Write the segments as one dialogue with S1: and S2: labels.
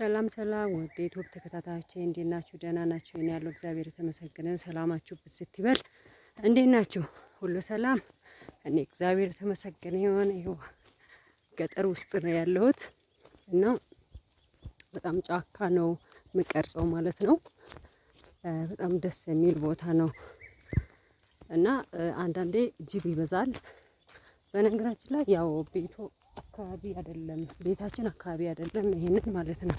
S1: ሰላም ሰላም ወደ ዩቱብ ተከታታዮቼ እንዴት ናችሁ? ደህና ናችሁ? እኔ ያለው እግዚአብሔር የተመሰገነ ሰላማችሁ ብስት ይበል። እንዴት ናችሁ? ሁሉ ሰላም? እኔ እግዚአብሔር የተመሰገነ ይሁን። ይኸው ገጠር ውስጥ ነው ያለሁት እና በጣም ጫካ ነው የምቀርጸው ማለት ነው። በጣም ደስ የሚል ቦታ ነው እና አንዳንዴ ጅብ ይበዛል። በነገራችን ላይ ያው ቤቱ አካባቢ አይደለም፣ ቤታችን አካባቢ አይደለም። ይሄንን ማለት ነው።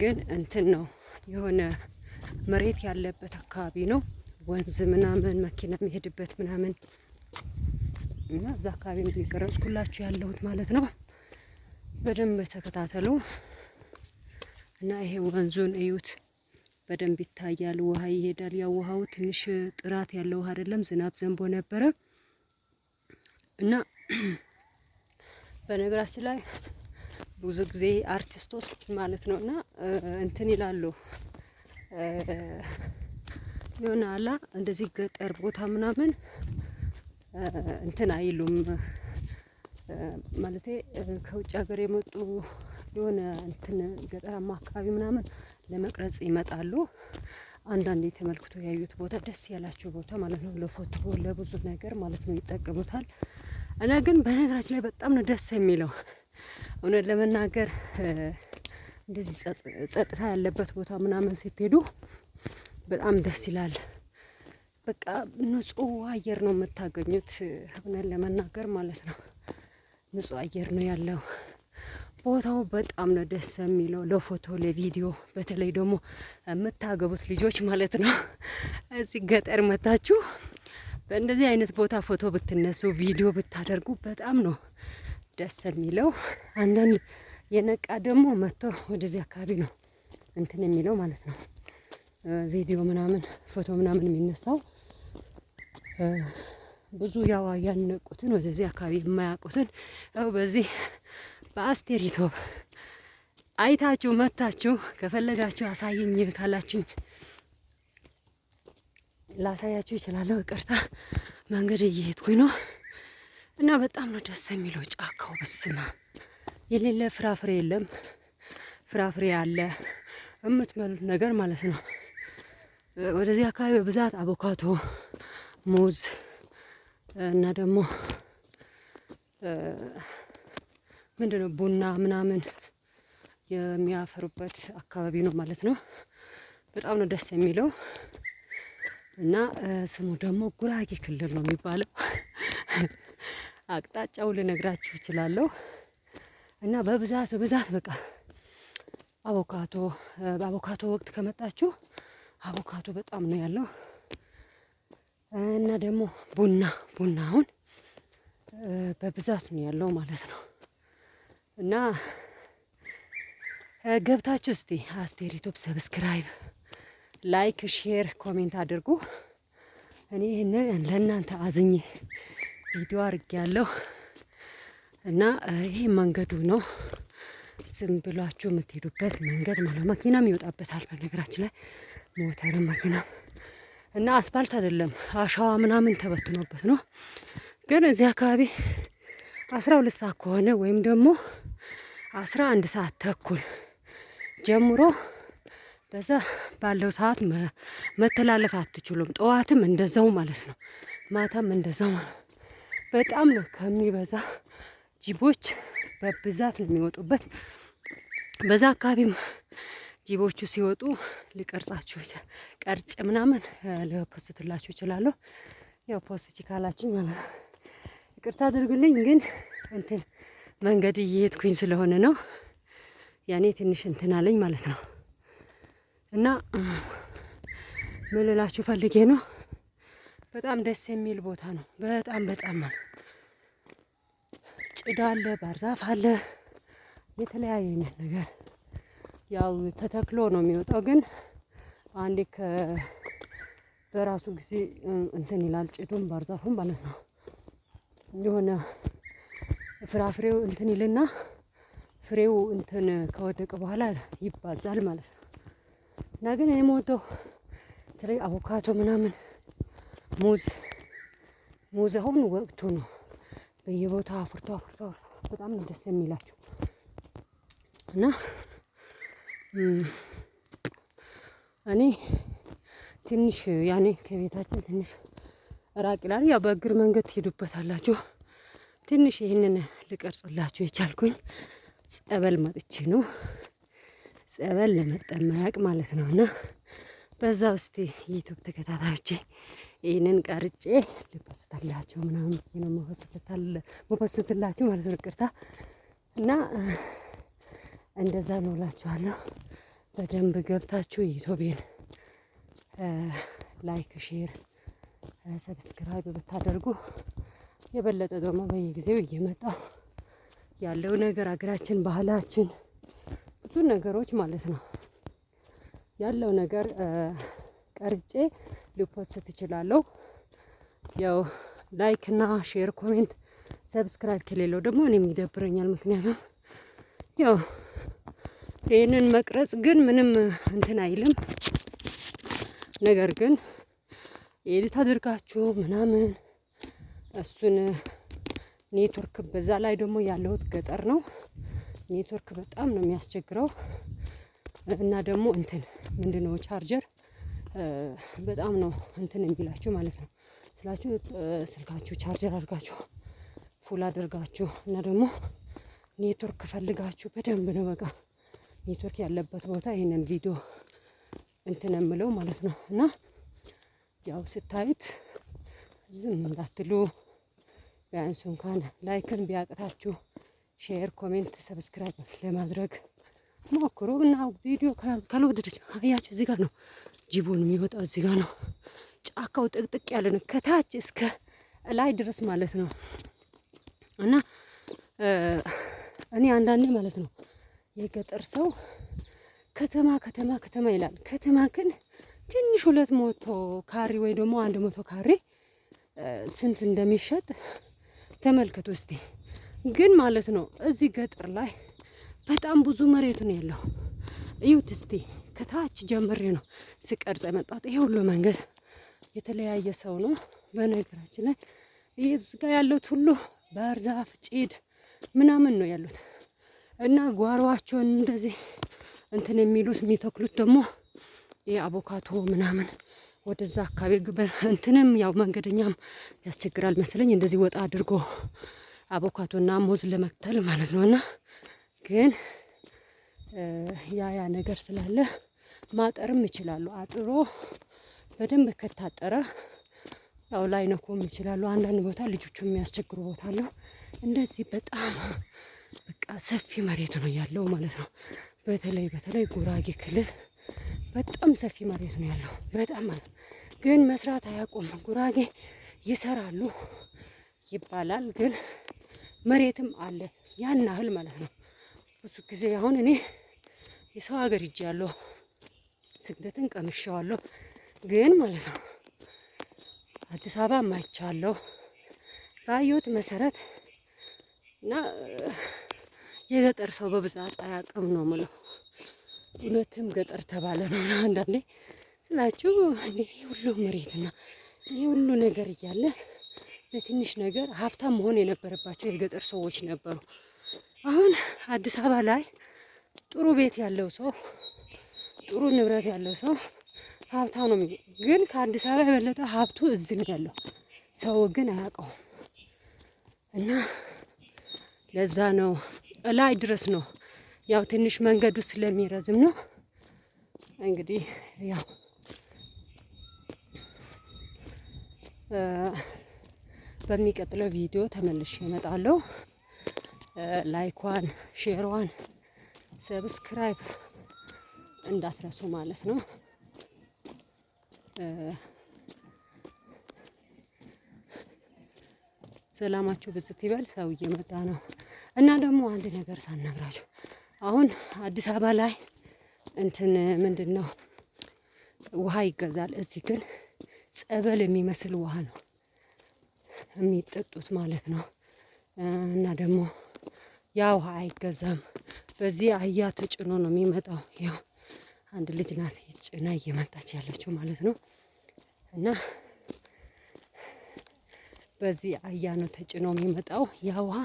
S1: ግን እንትን ነው የሆነ መሬት ያለበት አካባቢ ነው። ወንዝ ምናምን መኪና የሚሄድበት ምናምን እና እዛ አካባቢ ነው እየቀረጽኩላችሁ ያለሁት ማለት ነው። በደንብ ተከታተሉ እና ይሄ ወንዙን እዩት። በደንብ ይታያል። ውሃ ይሄዳል። ያው ውሃው ትንሽ ጥራት ያለው ውሃ አይደለም። ዝናብ ዘንቦ ነበረ እና በነገራችን ላይ ብዙ ጊዜ አርቲስቶች ማለት ነው እና እንትን ይላሉ የሆነ አላ እንደዚህ ገጠር ቦታ ምናምን እንትን አይሉም ማለት ከውጭ ሀገር የመጡ የሆነ እንትን ገጠራማ አካባቢ ምናምን ለመቅረጽ ይመጣሉ። አንዳንድ የተመልክቶ ያዩት ቦታ ደስ ያላቸው ቦታ ማለት ነው ለፎቶ ለብዙ ነገር ማለት ነው ይጠቀሙታል። እና ግን በነገራችን ላይ በጣም ነው ደስ የሚለው እውነት ለመናገር እንደዚህ ጸጥታ ያለበት ቦታ ምናምን ስትሄዱ በጣም ደስ ይላል። በቃ ንጹህ አየር ነው የምታገኙት፣ እውነት ለመናገር ማለት ነው። ንጹህ አየር ነው ያለው። ቦታው በጣም ነው ደስ የሚለው ለፎቶ ለቪዲዮ። በተለይ ደግሞ የምታገቡት ልጆች ማለት ነው እዚህ ገጠር መታችሁ በእንደዚህ አይነት ቦታ ፎቶ ብትነሱ ቪዲዮ ብታደርጉ በጣም ነው ደስ የሚለው። አንዳንድ የነቃ ደግሞ መጥቶ ወደዚህ አካባቢ ነው እንትን የሚለው ማለት ነው ቪዲዮ ምናምን ፎቶ ምናምን የሚነሳው ብዙ ያው ያነቁትን ወደዚህ አካባቢ የማያውቁትን ው በዚህ በአስቴሪቶብ አይታችሁ መታችሁ ከፈለጋችሁ አሳየኝ ካላችሁኝ ላሳያችሁ ይችላለሁ። ይቅርታ መንገድ እየሄድኩኝ ነው እና በጣም ነው ደስ የሚለው ጫካው። በስማ የሌለ ፍራፍሬ የለም፣ ፍራፍሬ አለ የምትመሉት ነገር ማለት ነው። ወደዚህ አካባቢ በብዛት አቮካቶ፣ ሙዝ እና ደግሞ ምንድን ነው ቡና ምናምን የሚያፈሩበት አካባቢ ነው ማለት ነው። በጣም ነው ደስ የሚለው እና ስሙ ደግሞ ጉራጌ ክልል ነው የሚባለው። አቅጣጫው ልነግራችሁ እችላለሁ። እና በብዛት በብዛት በቃ አቮካቶ በአቮካቶ ወቅት ከመጣችሁ አቮካቶ በጣም ነው ያለው። እና ደግሞ ቡና ቡና አሁን በብዛት ነው ያለው ማለት ነው። እና ገብታችሁ እስቲ አስቴሪቶፕ ሰብስክራይብ ላይክ፣ ሼር፣ ኮሜንት አድርጉ። እኔ ይህንን ለእናንተ አዝኜ ቪዲዮ አድርጌ ያለው እና ይሄ መንገዱ ነው። ዝም ብሏችሁ የምትሄዱበት መንገድ ማለት መኪናም ይወጣበታል። በነገራችን ላይ ሞተርም መኪናም እና አስፋልት አይደለም አሸዋ ምናምን ተበትኖበት ነው። ግን እዚህ አካባቢ አስራ ሁለት ሰዓት ከሆነ ወይም ደግሞ አስራ አንድ ሰዓት ተኩል ጀምሮ በዛ ባለው ሰዓት መተላለፍ አትችሉም። ጠዋትም እንደዛው ማለት ነው፣ ማታም እንደዛው ማለት ነው። በጣም ነው ከሚበዛ ጅቦች በብዛት ነው የሚወጡበት። በዛ አካባቢም ጅቦቹ ሲወጡ ልቀርጻችሁ ቀርጭ ምናምን ልፖስትላችሁ እችላለሁ። ያው ፖስት ካላችሁ ማለት ነው። ይቅርታ አድርጉልኝ ግን እንትን መንገድ እየሄድኩኝ ስለሆነ ነው ያኔ ትንሽ እንትን አለኝ ማለት ነው። እና ምልላችሁ ፈልጌ ነው። በጣም ደስ የሚል ቦታ ነው። በጣም በጣም ነው። ጭድ አለ፣ ባርዛፍ አለ፣ የተለያየ አይነት ነገር ያው ተተክሎ ነው የሚወጣው። ግን አንዴ በራሱ ጊዜ እንትን ይላል ጭዱን ባርዛፉን ማለት ነው። የሆነ ፍራፍሬው እንትን ይልና ፍሬው እንትን ከወደቀ በኋላ ይባዛል ማለት ነው። እና ግን እኔ ሞቶ በተለይ አቮካዶ ምናምን ሙዝ ሙዝ አሁን ወቅቱ ነው። በየቦታው አፍርቶ አፍርቶ በጣም ነው ደስ የሚላቸው እና እኔ ትንሽ ያኔ ከቤታችን ትንሽ ራቅ ይላል። ያው በእግር መንገድ ትሄዱበታላችሁ። ትንሽ ይህንን ልቀርጽላችሁ የቻልኩኝ ጸበል መጥቼ ነው። ጸበል ለመጠመቅ ማለት ነው እና በዛ ውስጥ የዩቱብ ተከታታዮቼ ይህንን ቀርጬ ልፖስትላችሁ ምናምን ነው መፖስትላችሁ ማለት ነው። ቅርታ እና እንደዛ ነው እላችኋለሁ። በደንብ ገብታችሁ ዩቱቤን ላይክ፣ ሼር፣ ሰብስክራይብ ብታደርጉ የበለጠ ደግሞ በየጊዜው እየመጣው ያለው ነገር አገራችን ባህላችን ብዙ ነገሮች ማለት ነው ያለው ነገር ቀርጬ ሊፖስት እችላለሁ። ያው ላይክ እና ሼር፣ ኮሜንት፣ ሰብስክራይብ ከሌለው ደግሞ እኔም ይደብረኛል። ምክንያቱም ያው ይህንን መቅረጽ ግን ምንም እንትን አይልም። ነገር ግን ኤዲት አድርጋችሁ ምናምን እሱን ኔትወርክ በዛ ላይ ደግሞ ያለሁት ገጠር ነው ኔትወርክ በጣም ነው የሚያስቸግረው እና ደግሞ እንትን ምንድነው ቻርጀር በጣም ነው እንትን የሚላችሁ ማለት ነው ስላችሁ ስልካችሁ ቻርጀር አድርጋችሁ ፉል አድርጋችሁ እና ደግሞ ኔትወርክ ፈልጋችሁ በደንብ ነው በቃ ኔትወርክ ያለበት ቦታ ይህንን ቪዲዮ እንትን የምለው ማለት ነው እና ያው ስታዩት ዝም እንዳትሉ ቢያንስ እንኳን ላይክን ቢያቅታችሁ ሼር፣ ኮሜንት፣ ሰብስክራይብ ለማድረግ ሞክሩ እና ቪዲዮ ካልወደደች አያችሁ፣ እዚህ ጋር ነው ጅቦን የሚወጣው፣ እዚህ ጋር ነው ጫካው ጥቅጥቅ ያለ ነው ከታች እስከ ላይ ድረስ ማለት ነው። እና እኔ አንዳንዴ ማለት ነው የገጠር ሰው ከተማ ከተማ ከተማ ይላል። ከተማ ግን ትንሽ ሁለት መቶ ካሬ ወይ ደግሞ አንድ መቶ ካሬ ስንት እንደሚሸጥ ተመልከቱ እስቲ። ግን ማለት ነው እዚህ ገጠር ላይ በጣም ብዙ መሬቱ ነው ያለው። እዩት እስቲ ከታች ጀምሬ ነው ስቀርጽ የመጣሁት። ይሄ ሁሉ መንገድ የተለያየ ሰው ነው። በነገራችን ላይ እዚህ ጋር ያሉት ሁሉ ባህር ዛፍ፣ ጭድ ምናምን ነው ያሉት እና ጓሯቸውን እንደዚህ እንትን የሚሉት የሚተክሉት ደግሞ የአቮካቶ ምናምን ወደዛ አካባቢ እንትንም ያው መንገደኛም ያስቸግራል መሰለኝ እንደዚህ ወጣ አድርጎ አቮካዶና ሙዝ ለመክተል ማለት ነው። እና ግን ያ ያ ነገር ስላለ ማጠርም ይችላሉ። አጥሮ በደንብ ከታጠረ ያው ላይ ነኮም ይችላሉ። አንዳንድ ቦታ ልጆቹ የሚያስቸግሩ ቦታ አለው። እንደዚህ በጣም በቃ ሰፊ መሬት ነው ያለው ማለት ነው። በተለይ በተለይ ጉራጌ ክልል በጣም ሰፊ መሬት ነው ያለው። በጣም ማለት ግን መስራት አያቆም። ጉራጌ ይሰራሉ ይባላል ግን መሬትም አለ ያን ያህል ማለት ነው። ብዙ ጊዜ አሁን እኔ የሰው ሀገር እጅ ያለው ስግደትን ቀምሻዋለሁ፣ ግን ማለት ነው አዲስ አበባ ማይቻለሁ ባየሁት መሰረት እና የገጠር ሰው በብዛት አያውቅም ነው ምለው። እውነትም ገጠር ተባለ ነው አንዳንዴ ስላችሁ ይህ ሁሉ መሬትና ይህ ሁሉ ነገር እያለ በትንሽ ነገር ሀብታም መሆን የነበረባቸው የገጠር ሰዎች ነበሩ። አሁን አዲስ አበባ ላይ ጥሩ ቤት ያለው ሰው ጥሩ ንብረት ያለው ሰው ሀብታም ነው። ግን ከአዲስ አበባ የበለጠ ሀብቱ እዚህ ነው ያለው። ሰው ግን አያውቀውም። እና ለዛ ነው እላይ ድረስ ነው ያው ትንሽ መንገዱ ስለሚረዝም ነው እንግዲህ ያው በሚቀጥለው ቪዲዮ ተመልሼ እመጣለሁ። ላይኳን፣ ሼርዋን፣ ሰብስክራይብ እንዳትረሱ ማለት ነው። ሰላማችሁ ብዝት ይበል። ሰው እየመጣ ነው እና ደግሞ አንድ ነገር ሳነግራችሁ አሁን አዲስ አበባ ላይ እንትን ምንድን ነው ውሃ ይገዛል። እዚህ ግን ጸበል የሚመስል ውሃ ነው የሚጠጡት ማለት ነው። እና ደግሞ ያ ውሃ አይገዛም። በዚህ አህያ ተጭኖ ነው የሚመጣው። ያው አንድ ልጅ ናት ጭና እየመጣች ያለችው ማለት ነው። እና በዚህ አህያ ነው ተጭኖ የሚመጣው። ያ ውሃ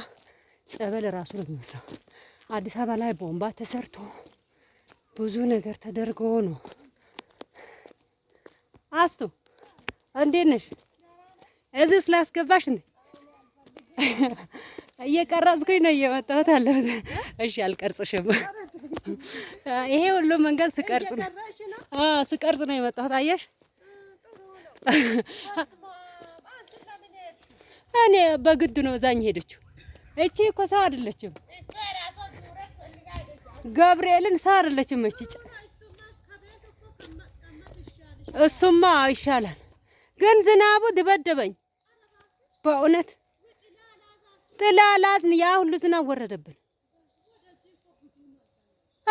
S1: ጸበል ራሱ ነው የሚመስለው። አዲስ አበባ ላይ ቦምባ ተሰርቶ ብዙ ነገር ተደርጎ ነው። አስቱ እንዴት ነሽ? እዚህ ስላስገባሽ እንዴ እየቀረጽኩኝ ነው እየመጣሁት አለሁት። እሺ አልቀርጽሽም። ይሄ ሁሉ መንገድ ስቀርጽ ነው አዎ ስቀርጽ ነው የመጣሁት። አየሽ እኔ በግድ ነው እዛኝ ሄደችው። እቺ እኮ ሰው አይደለችም፣ ገብርኤልን ሰው አይደለችም እቺ። እሱማ ይሻላል ግን ዝናቡ ድበደበኝ። በእውነት ትላላዝን ያ ሁሉ ዝናብ ወረደብን።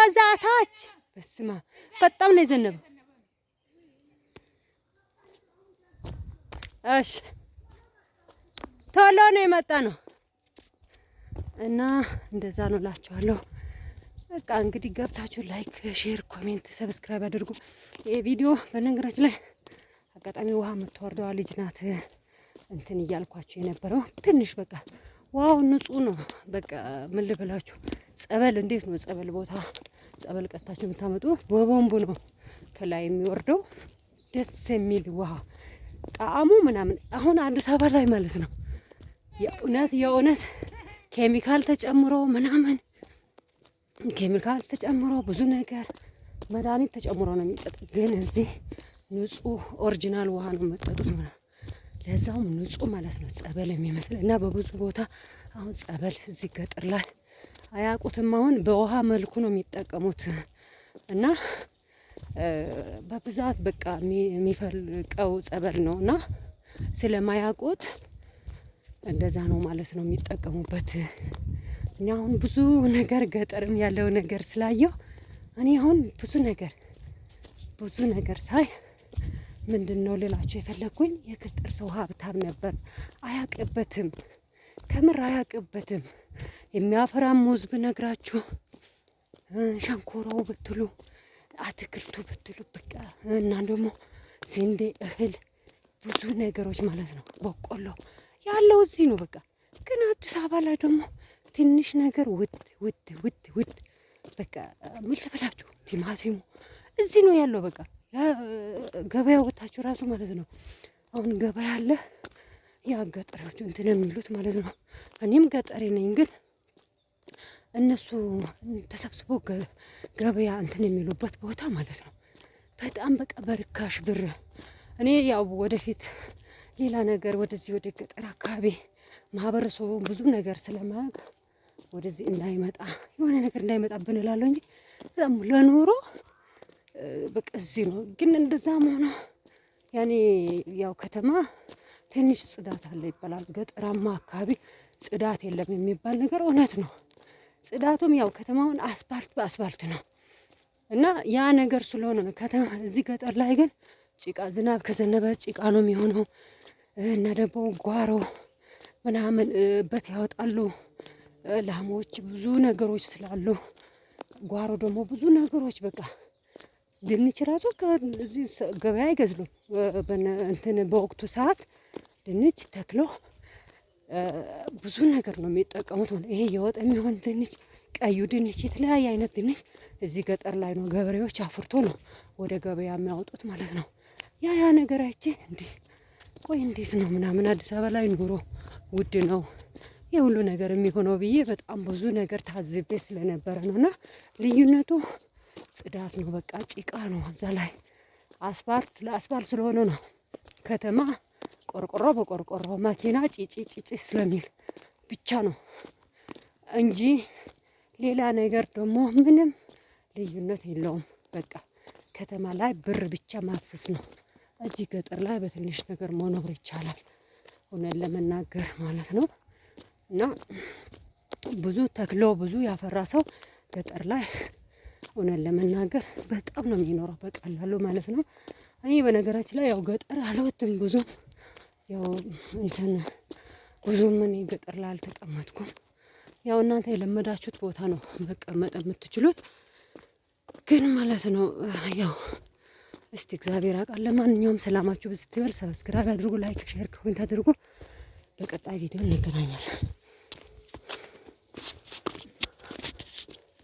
S1: እዛ ታች በስማ በጣም ነው የዘነበው። እሺ ቶሎ ነው የመጣ ነው እና እንደዛ ነው እላችኋለሁ። በቃ እንግዲህ ገብታችሁ ላይክ፣ ሼር፣ ኮሜንት፣ ሰብስክራይብ አድርጉ። ይሄ ቪዲዮ በነገራችን ላይ አጋጣሚ ውሃ የምትወርደዋ ልጅ ናት። እንትን እያልኳቸው የነበረው ትንሽ በቃ ዋው ንጹህ ነው። በቃ ምን ልበላችሁ፣ ጸበል እንዴት ነው ጸበል ቦታ ጸበል ቀታችሁ የምታመጡ በቦንቡ ነው ከላይ የሚወርደው ደስ የሚል ውሃ ጣዕሙ ምናምን። አሁን አዲስ አበባ ላይ ማለት ነው የእውነት የእውነት ኬሚካል ተጨምሮ ምናምን ኬሚካል ተጨምሮ ብዙ ነገር መድኃኒት ተጨምሮ ነው የሚጠጡት። ግን እዚህ ንጹህ ኦሪጂናል ውሃ ነው የምጠጡት ምናምን ለዛውም ንጹህ ማለት ነው ጸበል የሚመስል እና በብዙ ቦታ አሁን ጸበል እዚህ ገጠር ላይ አያውቁትም። አሁን በውሃ መልኩ ነው የሚጠቀሙት እና በብዛት በቃ የሚፈልቀው ጸበል ነው እና ስለማያውቁት እንደዛ ነው ማለት ነው የሚጠቀሙበት። እኔ አሁን ብዙ ነገር ገጠርም ያለው ነገር ስላየው እኔ አሁን ብዙ ነገር ብዙ ነገር ሳይ ምንድን ነው ልላቸው የፈለግኩኝ የገጠር ሰው ሀብታም ነበር። አያቅበትም፣ ከምር አያቅበትም። የሚያፈራም ሙዝ ብነግራችሁ ሸንኮራው ብትሉ አትክልቱ ብትሉ በቃ እና ደግሞ ስንዴ፣ እህል፣ ብዙ ነገሮች ማለት ነው። በቆሎ ያለው እዚህ ነው። በቃ ግን አዲስ አበባ ላይ ደግሞ ትንሽ ነገር ውድ ውድ ውድ ውድ በቃ ምን ልበላችሁ ቲማቲሙ እዚህ ነው ያለው በቃ ገበያ ወታችሁ ራሱ ማለት ነው። አሁን ገበያ አለ ያ ገጠራችሁ እንትን የሚሉት ማለት ነው። እኔም ገጠሬ ነኝ፣ ግን እነሱ ተሰብስቦ ገበያ እንትን የሚሉበት ቦታ ማለት ነው። በጣም በቃ በርካሽ ብር እኔ ያው ወደፊት ሌላ ነገር ወደዚህ ወደ ገጠር አካባቢ ማህበረሰቡ ብዙ ነገር ስለማያውቅ ወደዚህ እንዳይመጣ የሆነ ነገር እንዳይመጣብን እላለሁ እንጂ በጣም ለኑሮ በቃ እዚህ ነው። ግን እንደዛም ሆኖ ያኔ ያው ከተማ ትንሽ ጽዳት አለ ይባላል። ገጠራማ አካባቢ ጽዳት የለም የሚባል ነገር እውነት ነው። ጽዳቱም ያው ከተማውን አስፋልት በአስፋልት ነው እና ያ ነገር ስለሆነ ነው ከተማ። እዚህ ገጠር ላይ ግን ጭቃ፣ ዝናብ ከዘነበ ጭቃ ነው የሚሆነው እና ደግሞ ጓሮ ምናምን በት ያወጣሉ ላሞች ብዙ ነገሮች ስላሉ ጓሮ ደግሞ ብዙ ነገሮች በቃ ድንች ራሱ ገበያ አይገዝሉም። እንትን በወቅቱ ሰዓት ድንች ተክለው ብዙ ነገር ነው የሚጠቀሙት። ይሄ የወጥ የሚሆን ድንች፣ ቀዩ ድንች፣ የተለያየ አይነት ድንች እዚህ ገጠር ላይ ነው ገበሬዎች አፍርቶ ነው ወደ ገበያ የሚያወጡት ማለት ነው። ያ ያ አይቼ እንዲህ ቆይ እንዴት ነው ምናምን አዲስ አበባ ላይ ኑሮ ውድ ነው የሁሉ ነገር የሚሆነው ብዬ በጣም ብዙ ነገር ታዝቤ ስለነበረ ነው እና ልዩነቱ ጽዳት ነው። በቃ ጭቃ ነው እዛ ላይ አስፋልት ለአስፋልት ስለሆነ ነው ከተማ ቆርቆሮ በቆርቆሮ መኪና ጭጭ ጭጭ ስለሚል ብቻ ነው እንጂ ሌላ ነገር ደግሞ ምንም ልዩነት የለውም። በቃ ከተማ ላይ ብር ብቻ ማፍሰስ ነው። እዚህ ገጠር ላይ በትንሽ ነገር መኖር ይቻላል፣ እውነት ለመናገር ማለት ነው። እና ብዙ ተክሎ ብዙ ያፈራ ሰው ገጠር ላይ ሆነን ለመናገር በጣም ነው የሚኖረው በቀላሉ ማለት ነው። እኔ በነገራችን ላይ ያው ገጠር አልወጥም ብዙ ያው እንትን ብዙም እኔ ገጠር ላይ አልተቀመጥኩም። ያው እናንተ የለመዳችሁት ቦታ ነው መቀመጥ የምትችሉት። ግን ማለት ነው ያው እስቲ እግዚአብሔር አውቃል። ለማንኛውም ሰላማችሁ ብስትበል ሰብስክራይብ አድርጉ፣ ላይክ፣ ሼር፣ ኮሜንት አድርጉ። በቀጣይ ቪዲዮ እንገናኛለን።